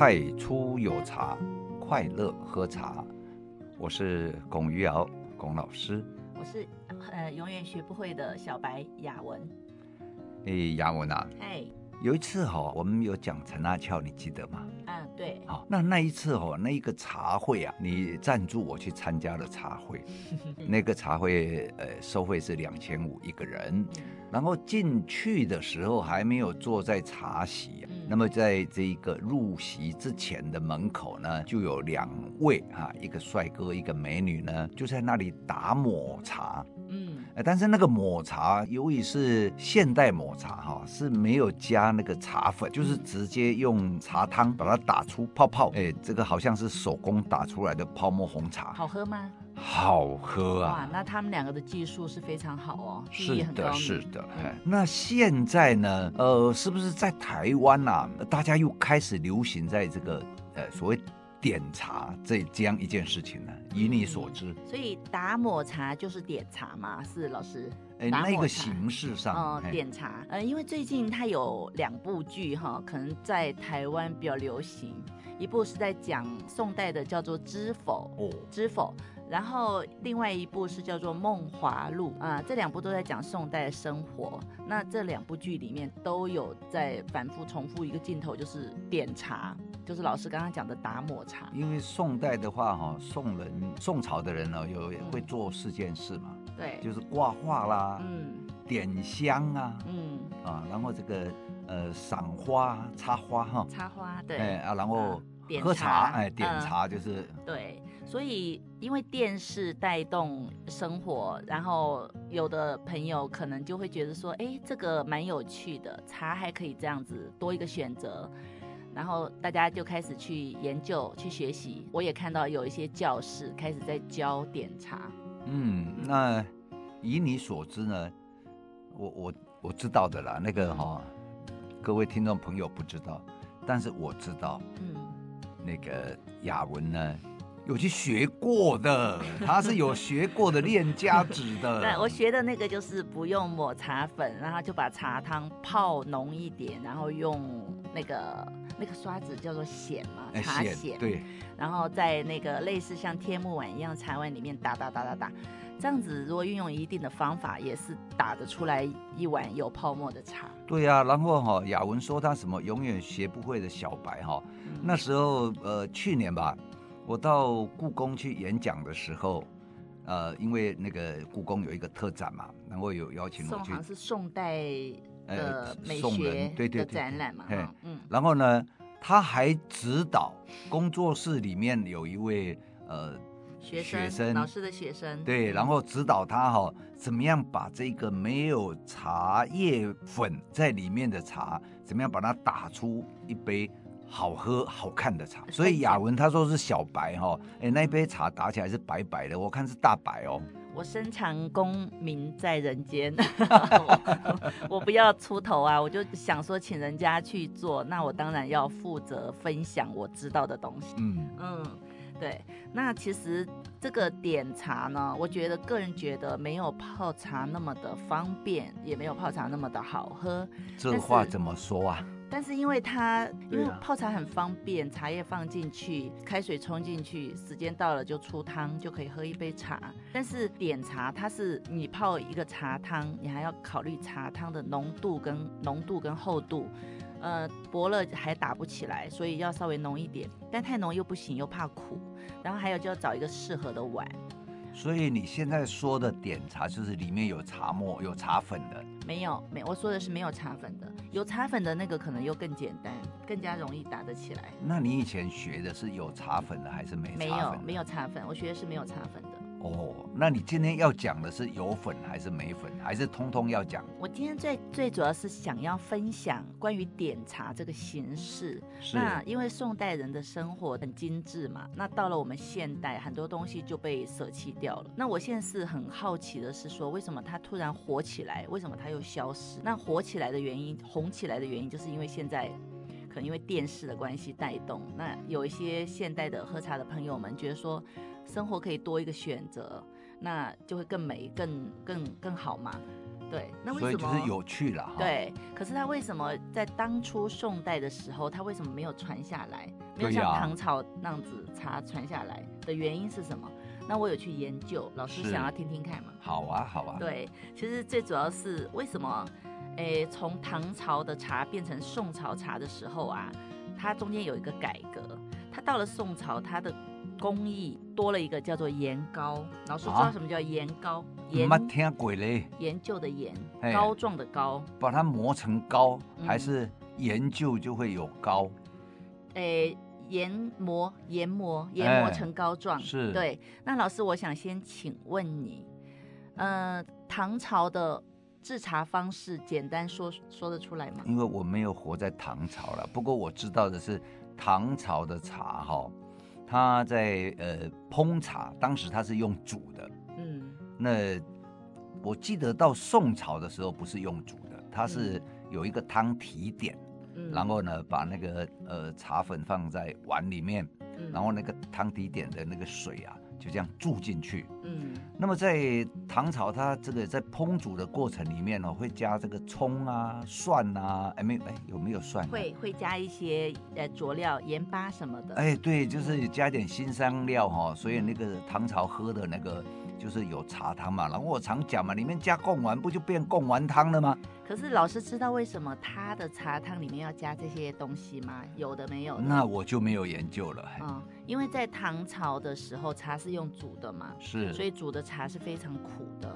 太初有茶，快樂喝茶。我是龔於堯，龔老師。我是呃，永遠學不會的小白雅文。哎、欸，雅文啊，哎、欸，有一次哈、哦，我們有講陳阿俏，你記得嗎？啊、嗯，對。好、哦，那那一次、哦、那一個茶會啊，你贊助我去參加了茶會， 那個茶會呃，收費是兩千五一個人，嗯、然後進去的時候還沒有坐在茶席。那麼，在這一個入席之前的門口呢，就有兩位啊，一個帥哥，一個美女呢，就在那裡打抹茶。嗯，但是那個抹茶，由於是現代抹茶哈，是沒有加那個茶粉，就是直接用茶湯把它打出泡泡。哎、欸，這個好像是手工打出來的泡沫紅茶，好喝嗎？好喝啊！那他們兩個的技術是非常好哦，是的，是的。嗯、那現在呢？呃，是不是在台灣吶、啊？大家又開始流行在這個呃所謂點茶這這樣一件事情呢？以你所知，嗯、所以打抹茶就是點茶嘛？是老師？哎、欸，那個形式上，嗯、點茶。嗯，因為最近他有兩部劇哈，可能在台灣比較流行，一部是在講宋代的，叫做《知否》嗯。《知否》。然後另外一部是叫做《夢華錄》啊，這兩部都在講宋代生活。那這兩部劇裡面都有在反覆重複一個鏡頭，就是點茶，就是老師剛剛講的打抹茶。因為宋代的話，哈，宋人宋朝的人呢、哦，有也會做四件事嘛，對，就是掛畫啦，嗯，點香啊，嗯，啊，然後這個呃賞花插花哈，插花對，哎啊，然後喝茶，哎，點茶就是對。所以，因為電視帶動生活，然後有的朋友可能就會覺得說，誒，這個蠻有趣的，茶還可以這樣子多一個選擇，然後大家就開始去研究、去學習。我也看到有一些教室開始在教點茶。嗯，那以你所知呢？我我我知道的啦，那個哈、哦，嗯，各位聽眾朋友不知道，但是我知道，嗯，那個雅文呢？有去學過的，他是有學過的練家子的。 對，我學的那個就是不用抹茶粉，然後就把茶湯泡濃一點，然後用那個那個刷子叫做筅嘛，茶筅。對，然後在那個類似像天目碗一樣茶碗裡面打打打打打，這樣子如果運用一定的方法，也是打得出來一碗有泡沫的茶。對呀、啊，然後哈雅文說他什麼永遠學不會的小白哈，嗯、那時候呃，去年吧。我到故宮去演講的時候，呃，因為那個故宮有一個特展嘛，然後有邀請我去，好像是宋代的美學的展覽嘛，嗯，然後呢，他還指導工作室裡面有一位、呃、學生，學生老師的學生，對，然後指導他哈、哦，怎麼樣把這個沒有茶葉粉在裡面的茶，怎麼樣把它打出一杯。好喝好看的茶，所以雅文他說是小白哈、哦，誒、欸，那杯茶打起來是白白的，我看是大白哦。我深藏功名在人間， 我不要出頭啊，我就想說請人家去做，那我當然要負責分享我知道的東西。嗯嗯，對，那其實這個點茶呢，我覺得個人覺得沒有泡茶那麼的方便，也沒有泡茶那麼的好喝。這話是怎麼說啊？但是因為它因為泡茶很方便，茶葉放進去，開水沖進去，時間到了就出湯，就可以喝一杯茶。但是點茶，它是你泡一個茶湯，你還要考慮茶湯的濃度跟濃度跟厚度，呃，薄了還打不起來，所以要稍微濃一點，但太濃又不行，又怕苦。然後還有就要找一個適合的碗。所以你現在說的點茶就是裡面有茶沫、有茶粉的。沒有沒有，我說的是沒有茶粉的，有茶粉的那個可能又更簡單，更加容易打得起來。那你以前學的是有茶粉的還是沒茶粉的？沒有，沒有茶粉，我學的是沒有茶粉的。哦，oh, 那你今天要講的是有粉還是沒粉，還是通通要講？我今天最最主要是想要分享關於點茶這個形式。是。那因為宋代人的生活很精致嘛，那到了我們現代，很多東西就被捨棄掉了。那我現在是很好奇的是說，為什麼它突然火起來？為什麼它又消失？那火起來的原因，紅起來的原因，就是因為現在可能因為電視的關係帶動。那有一些現代的喝茶的朋友們覺得說。生活可以多一個選擇，那就會更美、更更更好嘛？對，那為什麼？所以就是有趣了哈。對，可是他為什麼在當初宋代的時候，他為什麼沒有傳下來？啊、沒有像唐朝那樣子茶傳下來的原因是什麼？那我有去研究，老師想要聽聽看嘛？好啊，好啊。對，其實最主要是為什麼？誒、欸，從唐朝的茶變成宋朝茶的時候啊，它中間有一個改革，它到了宋朝，它的。工藝多了一個叫做研膏。老師知道什麼叫研膏？啊、研沒聽過嘞。研究的研，哎、膏狀的膏。把它磨成膏，嗯、還是研究就會有膏？誒、哎，研磨，研磨，研磨成膏狀、哎。是對。那老師，我想先請問你，呃，唐朝的制茶方式，簡單說說得出來嗎？因為我沒有活在唐朝了，不過我知道的是唐朝的茶，哈。他在呃烹茶，當時他是用煮的，嗯，那我記得到宋朝的時候不是用煮的，他是有一個湯提點，嗯，然後呢，把那個呃茶粉放在碗裡面，嗯，然後那個湯提點的那個水啊。就這樣煮進去，嗯，那麼在唐朝它這個在烹煮的過程裡面呢，喔，會加這個蔥啊、蒜啊，哎沒有？哎有沒有蒜？會會加一些呃佐料、鹽巴什麼的。哎對，就是加點辛香料哈，喔，所以那個唐朝喝的那個。就是有茶湯嘛，然後我常講嘛，裡面加貢丸，不就變貢丸湯了嗎？可是老師知道為什麼他的茶湯裡面要加這些東西嗎？有的沒有的？那我就沒有研究了。嗯，因為在唐朝的時候，茶是用煮的嘛，是，所以煮的茶是非常苦的。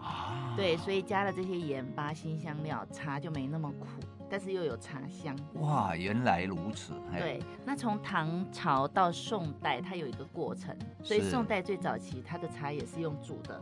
啊，對，所以加了這些鹽巴、辛香料，茶就沒那麼苦。但是又有茶香哇，原來如此。對，那從唐朝到宋代，它有一個過程，是所以宋代最早期它的茶也是用煮的，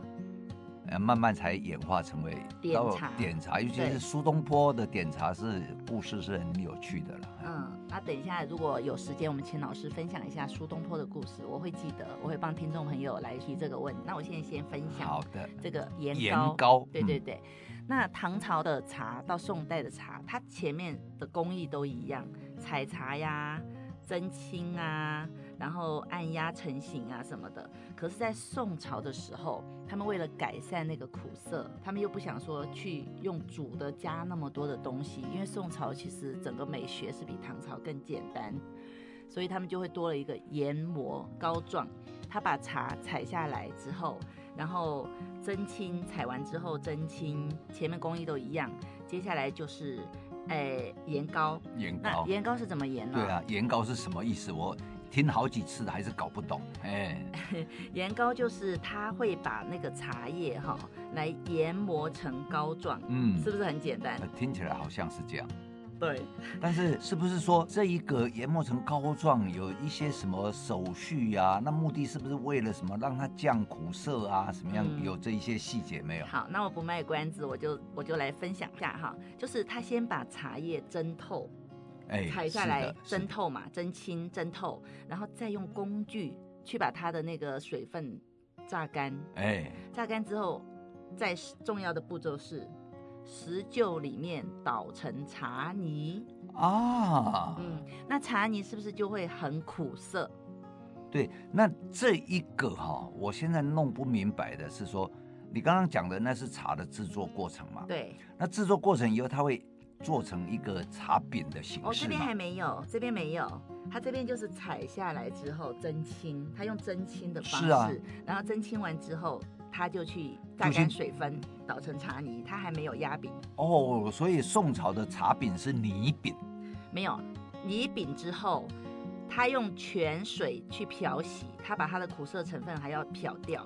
慢慢才演化成為點茶。點茶，尤其是蘇東坡的點茶是對故事是很有趣的啦。嗯，那等一下如果有時間，我們請老師分享一下蘇東坡的故事，我會記得，我會幫聽眾朋友來提這個問。那我現在先分享好的這個鹽鹽高對，對對對。嗯那唐朝的茶到宋代的茶，它前面的工藝都一樣，採茶呀、蒸青啊，然後按壓成型啊什麼的。可是，在宋朝的時候，他們為了改善那個苦澀，他們又不想說去用煮的加那麼多的東西，因為宋朝其實整個美學是比唐朝更簡單，所以他們就會多了一個研磨膏狀。他把茶採下來之後。然後蒸青，採完之後蒸青，前面工藝都一樣，接下來就是，哎、呃，研膏。研膏。那研膏是怎麼研呢、啊？對啊，研膏是什麼意思？我聽好幾次還是搞不懂。哎，研 膏就是他會把那個茶葉哈、哦、來研磨成膏狀，嗯，是不是很簡單、呃？聽起來好像是這樣。對， 但是是不是說這一個研磨成膏狀有一些什麼手續呀、啊？那目的是不是為了什麼讓它降苦澀啊？什麼樣有這一些細節沒有、嗯？好，那我不賣關子，我就我就來分享一下哈，就是他先把茶葉蒸透，哎，採下來蒸透嘛，蒸青蒸透，然後再用工具去把它的那個水分榨乾，哎，榨乾之後，再重要的步驟是。石臼裡面搗成茶泥啊，嗯，那茶泥是不是就會很苦澀？對，那這一個哈、哦，我現在弄不明白的是說，你剛剛講的那是茶的制作過程嘛？對，那制作過程以後，它會做成一個茶餅的形式嗎？我、哦、這邊還沒有，這邊沒有，它這邊就是採下來之後蒸青，它用蒸青的方式，是啊、然後蒸青完之後。他就去榨乾水分，搗成茶泥，他還沒有壓餅哦。Oh, 所以宋朝的茶餅是泥餅，沒有泥餅之後。他用泉水去漂洗，他把它的苦澀成分還要漂掉，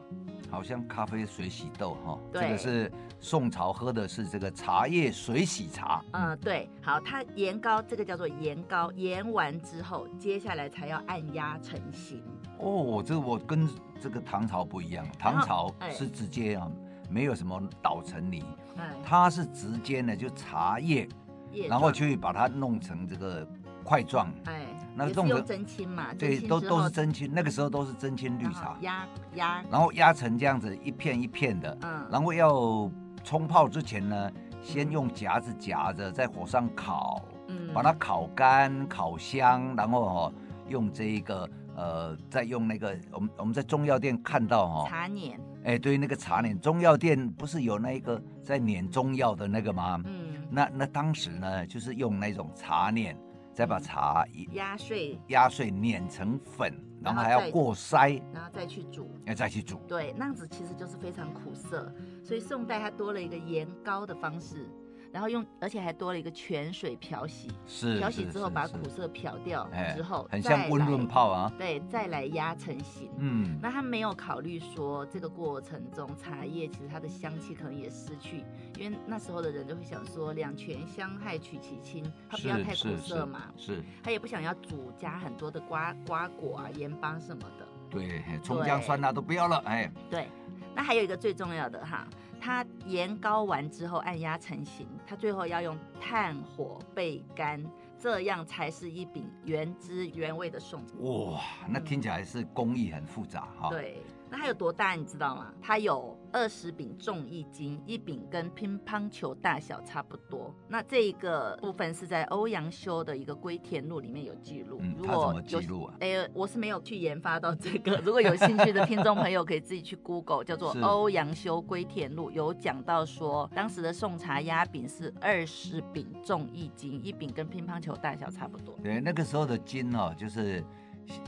好像咖啡水洗豆哈。哦、對這個是宋朝喝的是這個茶葉水洗茶。嗯，對，好，它鹽膏這個叫做鹽膏，鹽完之後，接下來才要按壓成型。哦，這個我跟這個唐朝不一樣，唐朝後是直接啊，哎、沒有什麼搗成泥，哎、它是直接呢就茶葉，葉狀然後去把它弄成這個。塊狀，塊狀哎，那個都是真青嘛，對，都都是真青，那個時候都是真青綠茶，壓壓，然後壓成這樣子一片一片的，嗯，然後要沖泡之前呢，先用夾子夾着、嗯、在火上烤，嗯、把它烤乾烤香，然後哦、喔，用這一個呃，再用那個我們我們在中藥店看到哦、喔，茶碾，哎、欸，對，那個茶碾，中藥店不是有那一個在碾中藥的那個嗎？嗯，那那當時呢，就是用那種茶碾。再把茶，嗯、壓碎，壓碎碾成粉，然後還要過篩，然後，然後再去煮，要再去煮。對，那樣子其實就是非常苦澀，所以宋代它多了一個研膏的方式。然後用，而且還多了一個泉水漂洗，是，是漂洗之後把苦澀漂掉之後再來，很像溫潤泡啊，對，再來壓成型。嗯，那他沒有考慮說這個過程中茶葉其實它的香氣可能也失去，因為那時候的人就會想說兩全相害取其輕，他不要太苦澀嘛，是，是，是，是他也不想要煮加很多的瓜瓜果啊、鹽巴什麼的，對，蔥薑蒜啊對都不要了，哎，對，那還有一個最重要的哈。它研膏完之後，按壓成型，它最後要用炭火焙乾，這樣才是一餅原汁原味的宋子。哇，那聽起來是工藝很複雜哈。嗯、對。那它有多大，你知道嗎？它有二十餅重一斤，一餅跟乒乓球大小差不多。那這一個部分是在歐陽修的一個《歸田錄》裡面有記錄。嗯啊、如果，怎麼記錄啊？哎，我是沒有去研發到這個。如果有興趣的聽眾朋友，可以自己去 Google 叫做《歐陽修歸田錄》，有講到說當時的宋茶壓餅是二十餅重一斤，一餅跟乒乓球大小差不多。對，那個時候的斤哦，就是，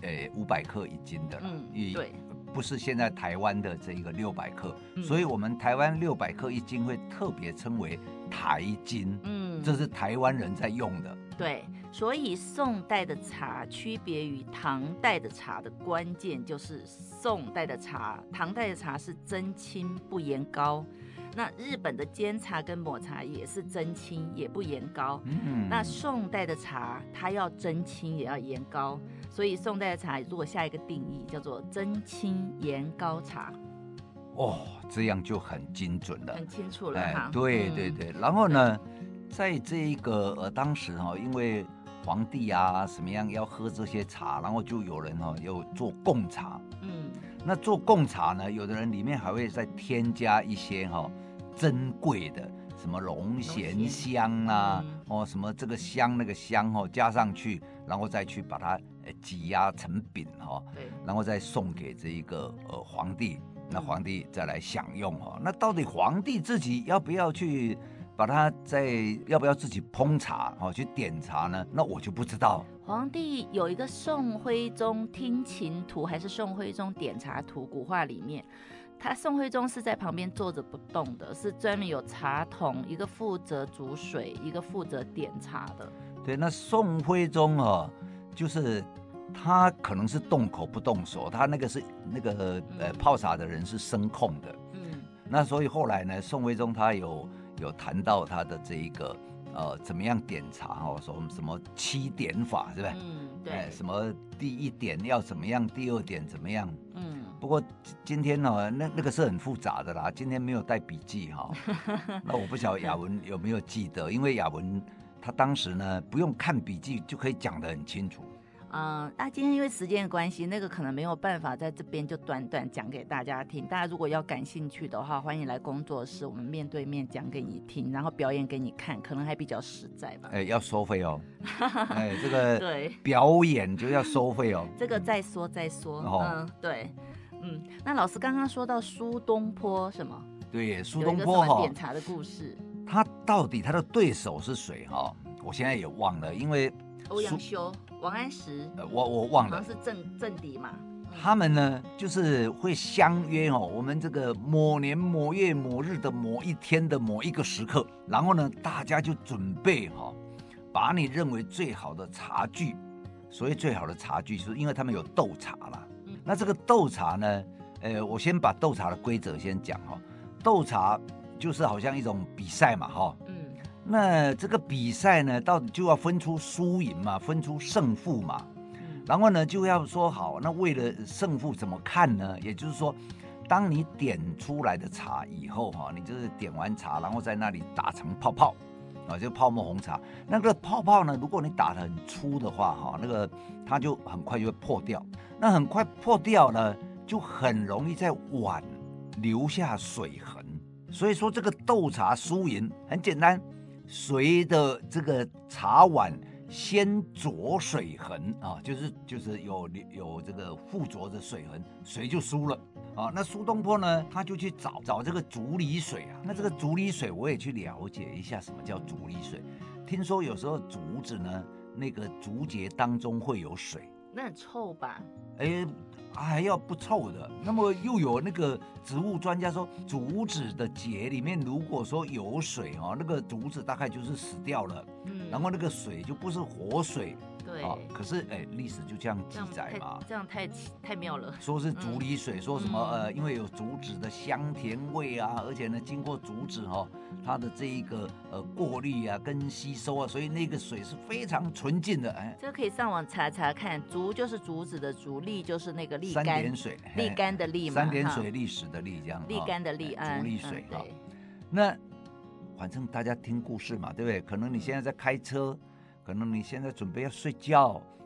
欸、五百克一斤的。嗯，對。不是現在台灣的這一個六百克，嗯，所以我們台灣六百克一斤會特別稱為台斤。嗯，這是台灣人在用的。對，所以宋代的茶區別於唐代的茶的關鍵就是宋代的茶，唐代的茶是蒸青不研膏，那日本的煎茶跟抹茶也是蒸青也不研膏，嗯，那宋代的茶它要蒸青也要研膏。所以宋代的茶，如果下一個定義叫做“蒸青研膏茶”，哦，這樣就很精準了，很清楚了，對對、哎、對，對對對嗯、然後呢，對在這一個呃當時哈、哦，因為皇帝啊什麼樣要喝這些茶，然後就有人哈、哦、要做貢茶。嗯。那做貢茶呢，有的人裡面還會再添加一些哈、哦、珍貴的什麼龍涎香啊，嗯、哦什麼這個香那個香哦加上去，然後再去把它。擠壓成餅哈，對然後再送給這一個呃皇帝，那皇帝再來享用哈。那到底皇帝自己要不要去把它再要不要自己烹茶哈，去點茶呢？那我就不知道。皇帝有一個宋徽宗聽琴圖，還是宋徽宗點茶圖？古畫裡面，他宋徽宗是在旁邊坐着不動的，是專門有茶童，一個負責煮水，一個負責點茶的。對，那宋徽宗啊、哦就是他可能是動口不動手，他那個是那個呃泡茶的人是聲控的。嗯，那所以後來呢，宋徽宗他有有談到他的這一個呃怎麼樣點茶哦，說、喔、什麼七點法，是不是？嗯，對，對，對，什麼第一點要怎麼樣，第二點怎麼樣？嗯，不過今天呢、喔，那那個是很複雜的啦，今天沒有帶筆記哈、喔， 那我不曉得雅文有沒有記得，對因為雅文。他當時呢，不用看筆記就可以講得很清楚。嗯、呃，那今天因為時間的關係，那個可能沒有辦法在這邊就短短講給大家聽。大家如果要感興趣的話，歡迎來工作室，我們面對面講給你聽，然後表演給你看，可能還比較實在吧。哎，要收費哦。哎，這個對，表演就要收費哦。 對嗯、這個再說再說。嗯，對、嗯，嗯，嗯，那老師剛剛說到蘇東坡什麼？對，蘇東坡哈點茶的故事。他到底他的對手是誰哈？我現在也忘了，因為歐陽修、王安石，我我忘了，是政政敵嘛。他們呢就是會相約哦、喔，我們這個某年某月某日的某一天的某一個時刻，然後呢大家就準備哈、喔，把你認為最好的茶具，所謂最好的茶具就是因為他們有鬥茶了。那這個鬥茶呢，呃，我先把鬥茶的規則先講哈，鬥茶。就是好像一種比賽嘛，哈，嗯，那這個比賽呢，到底就要分出輸贏嘛，分出勝負嘛，然後呢就要說好，那為了勝負怎麼看呢？也就是說，當你點出來的茶以後，哈，你就是點完茶，然後在那裡打成泡泡，啊，就泡沫紅茶。那個泡泡呢，如果你打得很粗的話，哈，那個它就很快就會破掉。那很快破掉呢，就很容易在碗留下水痕。所以說這個鬥茶輸贏很簡單，誰的這個茶碗先着水痕啊、哦，就是就是有有這個附着的水痕，誰就輸了啊、哦。那蘇東坡呢，他就去找找這個竹裡水啊。那這個竹裡水我也去了解一下什麼叫竹裡水。聽說有時候竹子呢，那個竹節當中會有水，那很臭吧？哎。還要不臭的。那麼又有那個植物專家說，竹子的節裡面，如果說有水哦，那個竹子大概就是死掉了，然後那個水就不是活水。對、哦，可是哎，歷史就這樣記載嘛，這樣太這樣太，太妙了。說是竹瀝水，嗯、說什麼、嗯、呃，因為有竹子的香甜味啊，而且呢，經過竹子哈、哦，它的這一個呃過濾啊，跟吸收啊，所以那個水是非常純淨的。哎，這個可以上網查查看，竹就是竹子的竹，瀝就是那個瀝乾三點水，瀝乾的瀝嘛，三點水歷好史的瀝，這樣。瀝乾的瀝，啊，竹瀝水哈。嗯、那反正大家聽故事嘛，對不對？可能你現在在開車。可能你現在準備要睡覺，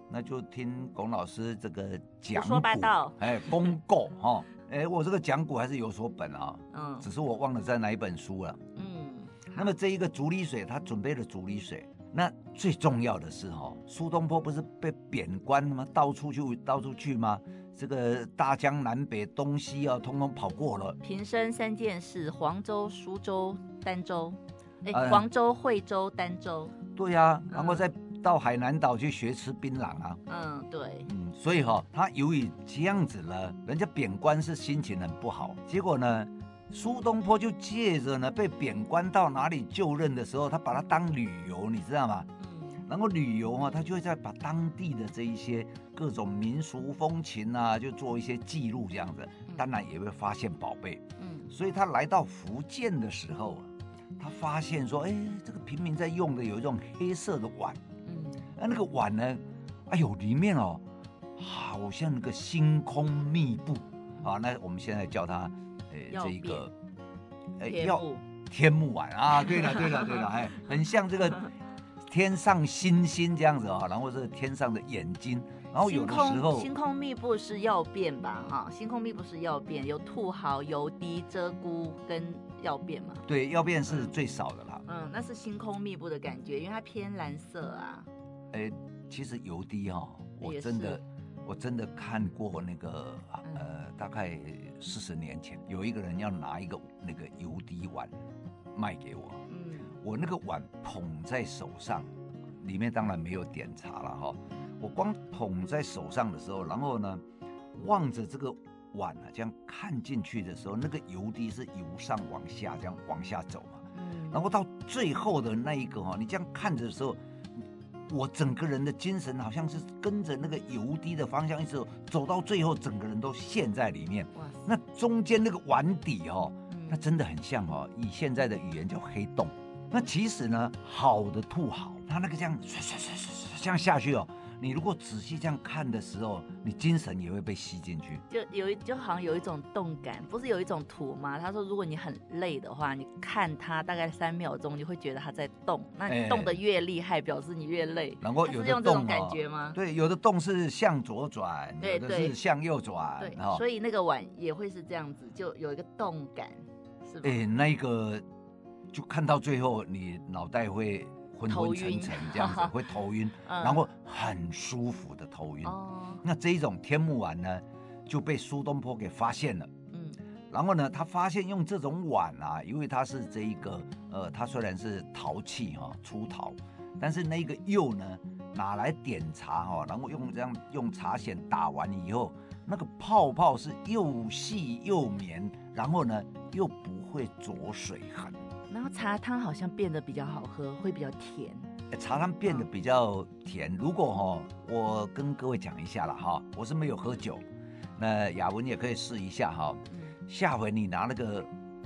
那就聽龔老師這個講古，說八道哎，公告哈、哦，哎，我這個講古還是有所本啊、哦，嗯，只是我忘了在哪一本書了，嗯，那麼好這一個竹里水，他準備了竹里水，那最重要的是哈、哦，蘇東坡不是被貶官嗎？到處去，到處去嗎？這個大江南北、東西啊、哦，通通跑過了。平生三件事：黃州、蘇州、儋州，哎，嗯、黃州、惠州、儋州。對呀、啊，然後再到海南島去學吃檳榔啊。嗯，對。嗯，所以哈、哦，他由於這樣子呢，人家貶官是心情很不好。結果呢，蘇東坡就借着呢被貶官到哪裡就任的時候，他把它當旅遊，你知道嗎？嗯。然後旅遊啊、哦，他就會再把當地的這一些各種民俗風情啊，就做一些記錄這樣子。當然也會發現寶貝。嗯。所以他來到福建的時候。他發現說：“哎、欸，這個平民在用的有一種黑色的碗，嗯，那那個碗呢？哎呦，裡面哦，好像那個星空密布啊。那我們現在叫它，哎、欸，變這一個，哎、欸，布曜變天目碗啊。對了，對了，對了，哎、欸，很像這個天上星星這樣子啊、哦。然後是天上的眼睛，然後有的時候星空，星空密布是曜變吧？哈、哦，星空密布是曜變，有兔毫，有油滴鷓鴣跟。”要變嘛？對，要變是最少的啦，嗯。嗯，那是星空密布的感覺，因為它偏藍色啊。哎、欸，其實油滴哈、喔，我真的，是我真的看過那個，嗯、呃，大概四十年前，有一個人要拿一個那個油滴碗賣給我。嗯，我那個碗捧在手上，裡面當然沒有點茶了哈、喔。我光捧在手上的時候，然後呢，望着這個。碗啊，這樣看進去的時候，那個油滴是由上往下這樣往下走嘛。然後到最後的那一個哦、喔，你這樣看着的時候，我整個人的精神好像是跟着那個油滴的方向一直走，走到最後，整個人都陷在裡面。哇塞！那中間那個碗底哦，它真的很像哦、喔，以現在的語言叫黑洞。那其實呢，好的兔毫，它那個這樣水水水水水這樣下去哦、喔。你如果仔細這樣看的時候，你精神也會被吸進去，就有一就好像有一種動感，不是有一種圖嗎？他說，如果你很累的話，你看它大概三秒鐘，你會覺得它在動。那你動得越厲害，表示你越累。它是用這種感覺嗎？對，有的動是向左轉，對對，是向右轉，對，對，後對，所以那個碗也會是這樣子，就有一個動感，是不是？那個就看到最後，你腦袋會。昏昏沉沉，這樣子會頭暈。 嗯、然後很舒服的頭暈。嗯、那這一種天目碗呢，就被蘇東坡給發現了。嗯、然後呢，他發現用這種碗啊，因為它是這一個呃，它雖然是陶器哈，粗陶，但是那個釉呢，拿來點茶哦、喔。然後用這樣用茶筅打完以後，那個泡泡是又細又綿，然後呢又不會著水痕。然後茶湯好像變得比較好喝，會比較甜。茶湯變得比較甜，哦、如果哈、哦，我跟各位講一下了哈、哦，我是沒有喝酒，那雅文也可以試一下哈、哦。嗯、下回你拿那個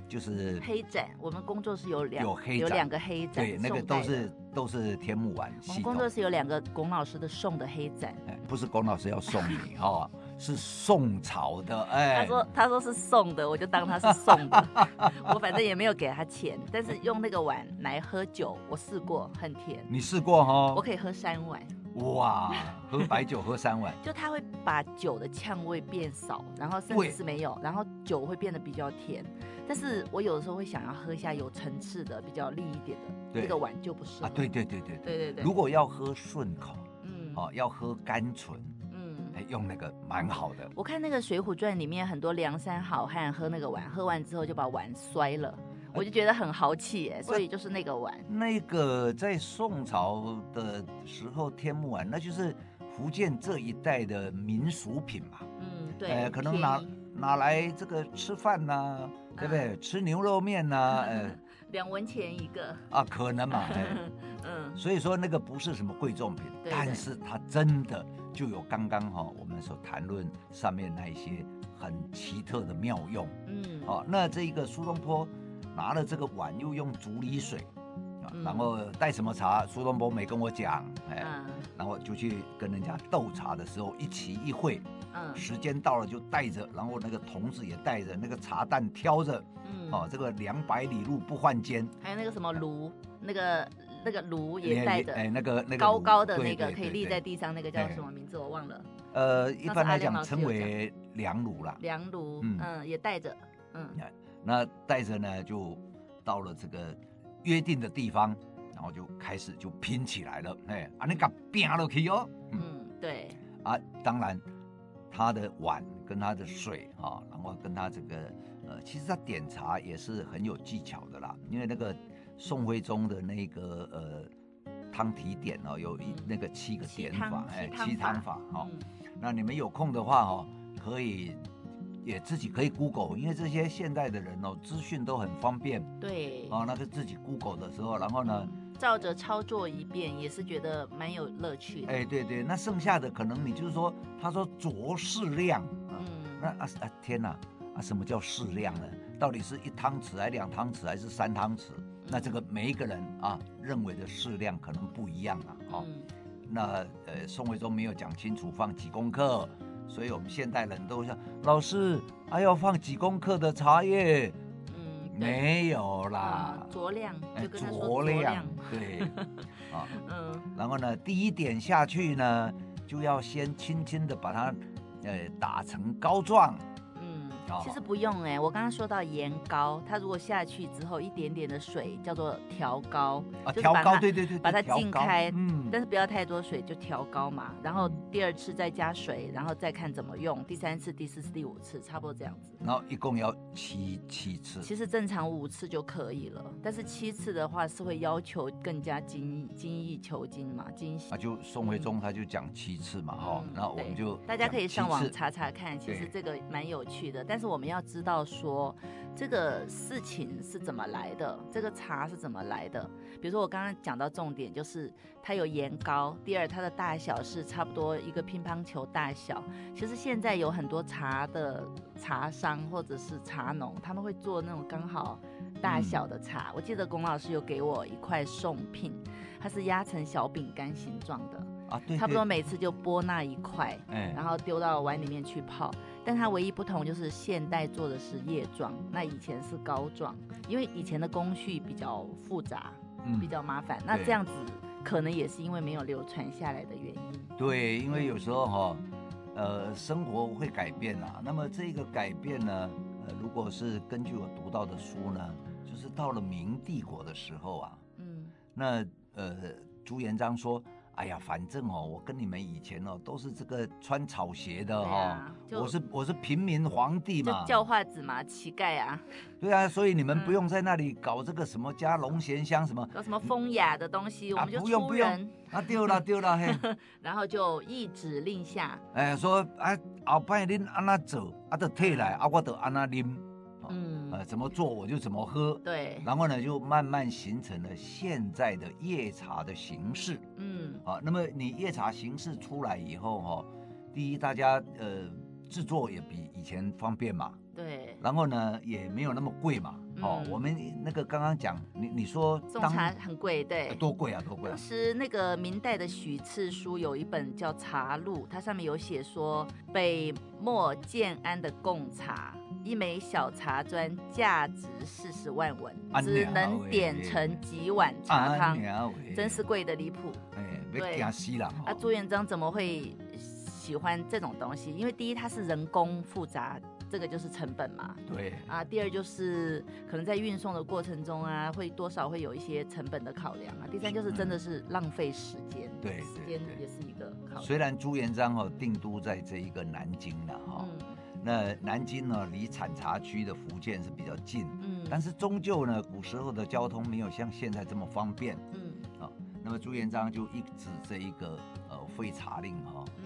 就是黑盞，我們工作室有兩有黑有兩個黑盞，對，那個都是都是天目碗。我們工作室有兩個龔老師的送的黑盞、哎，不是龔老師要送你哈。 哦是宋朝的，哎、欸，他說他說是宋的，我就當他是宋的， 我反正也沒有給他錢，但是用那個碗來喝酒，我試過，很甜。你試過哈、哦？我可以喝三碗。哇，喝白酒喝三碗， 就他會把酒的嗆味變少，然後甚至是沒有，對然後酒會變得比較甜。但是我有的時候會想要喝一下有層次的、比較烈一點的，對這個碗就不是、啊。對對對對對，對對對，如果要喝順口，嗯，哦，要喝甘醇。用那個蠻好的。我看那個《水滸傳》裡面很多梁山好漢喝那個碗，喝完之後就把碗摔了，欸、我就覺得很豪氣耶。所以就是那個碗。那，那個在宋朝的時候，天目碗、啊，那就是福建這一帶的民俗品嘛。嗯，對。欸、可能拿宜拿來這個吃飯吶、啊，對不對？啊、吃牛肉麵吶、啊嗯，兩文錢一個。啊，可能嘛？哎、欸，嗯。所以說那個不是什麼貴重品，對對但是它真的。就有剛剛哈，我們所談論上面那一些很奇特的妙用，嗯，哦，那這一個蘇東坡拿了這個碗，又用竹裡水，啊、嗯，然後帶什麼茶，蘇東坡沒跟我講，嗯、哎，然後就去跟人家鬥茶的時候一期一會，嗯，時間到了就帶着，然後那個童子也帶着，那個茶擔挑着，嗯，這個兩百里路不換肩，還有那個什麼爐，嗯、那個。那個爐也帶着，哎，那個那個高高的那個可以立在地上，那個叫什麼名字，我忘了。呃，一般來講稱為涼爐啦。涼爐，嗯，也帶着，嗯。嗯，那帶着呢，就到了這個約定的地方，然後就開始就拼起來了。哎、欸，啊，那個拼了以哦嗯，嗯，對。啊，當然他的碗跟他的水哈，然後跟他這個呃，其實他點茶也是很有技巧的啦，因為那個。宋徽宗的那個呃湯提點哦，喔，有一那個七個點法，哎，七湯法哈。那你們有空的話哦，喔，可以也自己可以 Google，因為這些現代的人哦，喔，資訊都很方便。對。啊，喔，那個自己 Google 的時候，然後呢，嗯，照着操作一遍，也是覺得蠻有樂趣的，欸。哎，對對，那剩下的可能你就是說，嗯，他說酌適量，啊，嗯，那啊啊天哪，啊，啊，啊什麼叫適量呢？到底是一湯匙還是兩湯匙還是三湯匙？那這個每一個人啊，認為的適量可能不一樣啊，哦，嗯、那呃，宋徽宗沒有講清楚放幾公克，所以我們現代人都想，老師還要放幾公克的茶葉？嗯，沒有啦、嗯，酌量，酌量、欸，酌量，對，啊，嗯，然後呢，第一點下去呢，就要先輕輕的把它，呃，打成膏狀。其實不用哎、欸，我剛剛說到鹽膏，它如果下去之後，一點點的水叫做調膏。啊調膏，對對對，把它浸開，調膏。嗯，但是不要太多水就調膏嘛，然後第二次再加水，然後再看怎麼用，第三次、第四次、第五次，差不多這樣子。然後一共要七七次。其實正常五次就可以了，但是七次的話是會要求更加精益精益求精嘛，精細。啊，就宋徽宗他就講七次嘛哈，嗯、然後我們就大家可以上網查查看，其實這個蠻有趣的。但是我們要知道說，這個事情是怎麼來的，這個茶是怎麼來的。比如說我剛剛講到重點，就是它有鹽糕，第二它的大小是差不多一個乒乓球大小。其實現在有很多茶的茶商或者是茶農，他們會做那種剛好大小的茶。我記得龔老師有給我一塊宋聘，它是壓成小餅乾形狀的。啊、對對，差不多每次就剝那一塊，然後丟到碗裡面去泡。但它唯一不同就是現代做的是液狀，那以前是膏狀，因為以前的工序比較複雜，嗯、比較麻煩。那這樣子可能也是因為沒有流傳下來的原因。對，因為有時候哈、哦，呃，生活會改變啊。那麼這個改變呢、呃，如果是根據我讀到的書呢，就是到了明帝國的時候啊，嗯，那呃，朱元璋說。哎呀，反正哦，我跟你們以前哦，都是這個穿草鞋的哦。啊、我是我是平民皇帝嘛，叫化子嘛，乞丐啊。對啊，所以你們不用在那裡搞這個什麼加龍涎香什麼有、嗯、什麼風雅的東西，嗯、我們就、啊、不用，不用，啊丟了丟了嘿， 對然後就一指令下，哎說哎後擺恁安那走，啊都退、啊、來啊我都安那啉。嗯，呃，怎麼做我就怎麼喝，對，然後呢，就慢慢形成了現在的葉茶的形式。嗯，啊，那麼你葉茶形式出來以後哈、哦，第一大家呃製作也比以前方便嘛，對，然後呢也沒有那麼貴嘛。哦，我們那個剛剛講，你你說貢茶很貴，對，多貴啊，多貴啊！當時那個明代的許次紓有一本叫《茶錄》，它上面有寫說，北漠建安的貢茶一枚小茶磚價值四十萬文，只能點成幾碗茶湯，啊啊啊啊真是貴得離譜。哎，對。那朱元璋怎麼會喜歡這種東西？因為第一，它是人工複雜。這個就是成本嘛，對啊。第二就是可能在運送的過程中啊，會多少會有一些成本的考量啊。第三就是真的是浪費時間，對、嗯、時間也是一個考量。對對對，雖然朱元璋哦、喔嗯、定都在這一個南京了哈、喔，嗯、那南京呢離產茶區的福建是比較近，嗯，但是終究呢，古時候的交通沒有像現在這麼方便，嗯、喔、那麼朱元璋就一紙這一個呃廢茶令哈、喔。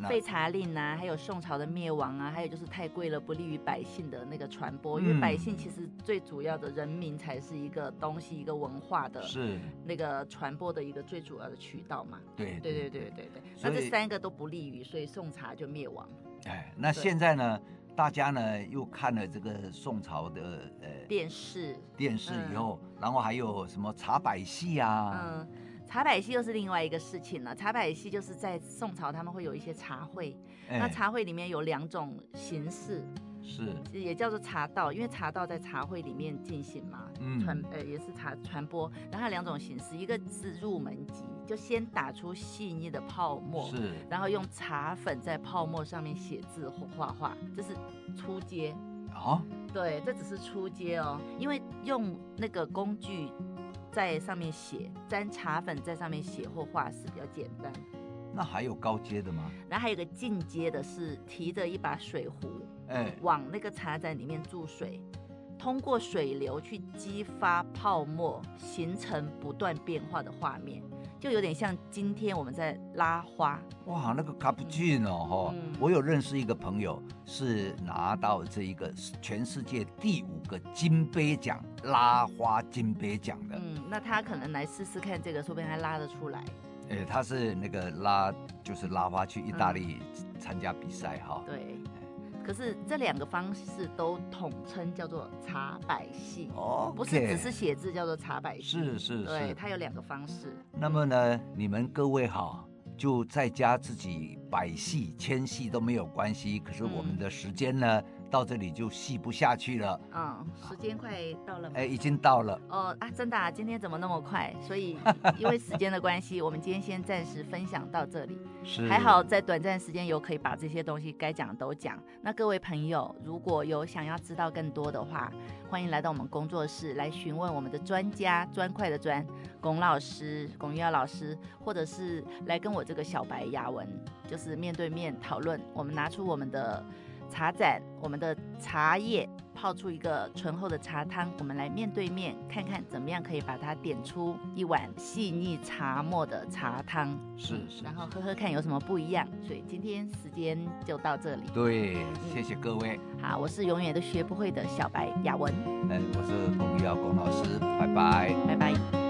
那廢茶令啊，還有宋朝的滅亡啊，還有就是太貴了，不利於百姓的那個傳播。嗯、因為百姓其實最主要的人民才是一個東西，一個文化的是那個傳播的一個最主要的渠道嘛。對，對對對對對那以這三個都不利於，所以宋朝就滅亡。哎，那現在呢，對大家呢又看了這個宋朝的、呃、電視電視以後，嗯、然後還有什麼茶百戲啊？嗯。茶百戲又是另外一個事情了。茶百戲就是在宋朝他們會有一些茶會，欸、那茶會裡面有兩種形式，是也叫做茶道，因為茶道在茶會裡面進行嘛，嗯、傳呃也是茶傳播。然後兩種形式，一個是入門級，就先打出細膩的泡沫，是然後用茶粉在泡沫上面寫字或畫畫，這是初階啊。哦、對，這只是初階哦，因為用那個工具。在上面寫沾茶粉，在上面寫或畫，是比較簡單。那還有高階的嗎？然後還有個進階的是提着一把水壺，往那個茶盞裡面注水，通過水流去激發泡沫，形成不斷變化的畫面，就有點像今天我們在拉花。哇，那個卡布奇諾哦，我有認識一個朋友，是拿到這一個全世界第五個金杯獎，拉花金杯獎的。.那他可能來試試看這個，說不定還拉得出來。哎，他是那個拉，就是拉花去意大利參加比賽哈。對。可是這兩個方式都統稱叫做茶百戲哦，不是只是寫字叫做茶百戲，Okay 是是，是。對，他有兩個方式、嗯。那麼呢，你們各位哈、哦、就在家自己百戲千戲都沒有關係，可是我們的時間呢？到這裡就續不下去了。嗯，時間快到了嗎？誒、欸，已經到了。哦啊，真的，啊，今天怎麼那麼快？所以因為時間的關係， 我們今天先暫時分享到這裡。是，還好在短暫時間有可以把這些東西該講的都講。那各位朋友，如果有想要知道更多的話，歡迎來到我們工作室來詢問我們的專家，磚塊的磚，龔老師、龔於堯老師，或者是來跟我這個小白雅文，就是面對面討論，我們拿出我們的，茶盞，我們的茶葉泡出一個醇厚的茶湯，我們來面對面看看怎麼樣可以把它點出一碗細膩茶沫的茶湯，是是、嗯，然後喝喝看有什麼不一樣。所以今天時間就到這裡，對，謝謝各位。好，我是永遠都學不會的小白雅文，哎，我是龔於堯，龔老師，拜拜，拜拜。